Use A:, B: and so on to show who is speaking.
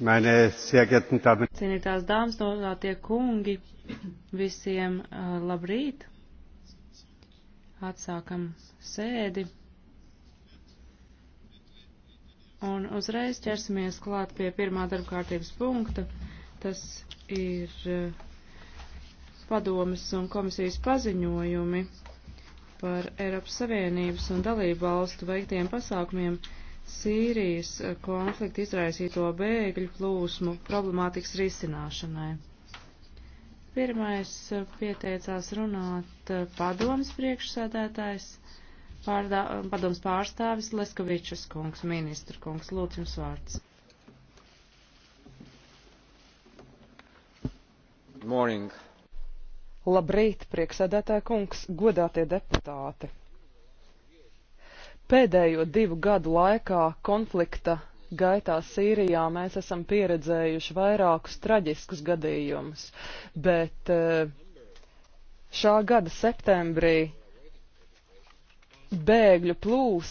A: Cienītās
B: dāmas, nodātie kungi, visiem uh, labrīt! Atsākam sēdi. Un uzreiz ķersimies klāt pie pirmā darba kārtības punkta. Tas ir uh, padomas un komisijas paziņojumi par Eiropas Savienības un dalību valstu veiktiem pasākumiem Sīrijas eh, konflikta izraisīto bēgļu plūsmu problemātikas risināšanai. Pirmais eh, pieteicās runāt eh, padomas priekšsēdētājs, pārdā, padomas pārstāvis Leskovičas kungs, ministra kungs. Lūdzu jums
C: vārds. Morning. Labrīt, prieksēdētāja kungs, godātie deputāti! pēdējo divu gadu laikā konflikta gaitā Sīrijā mēs esam pieredzējuši vairākus traģiskus gadījumus, bet eh, šā gada septembrī bēgļu plūs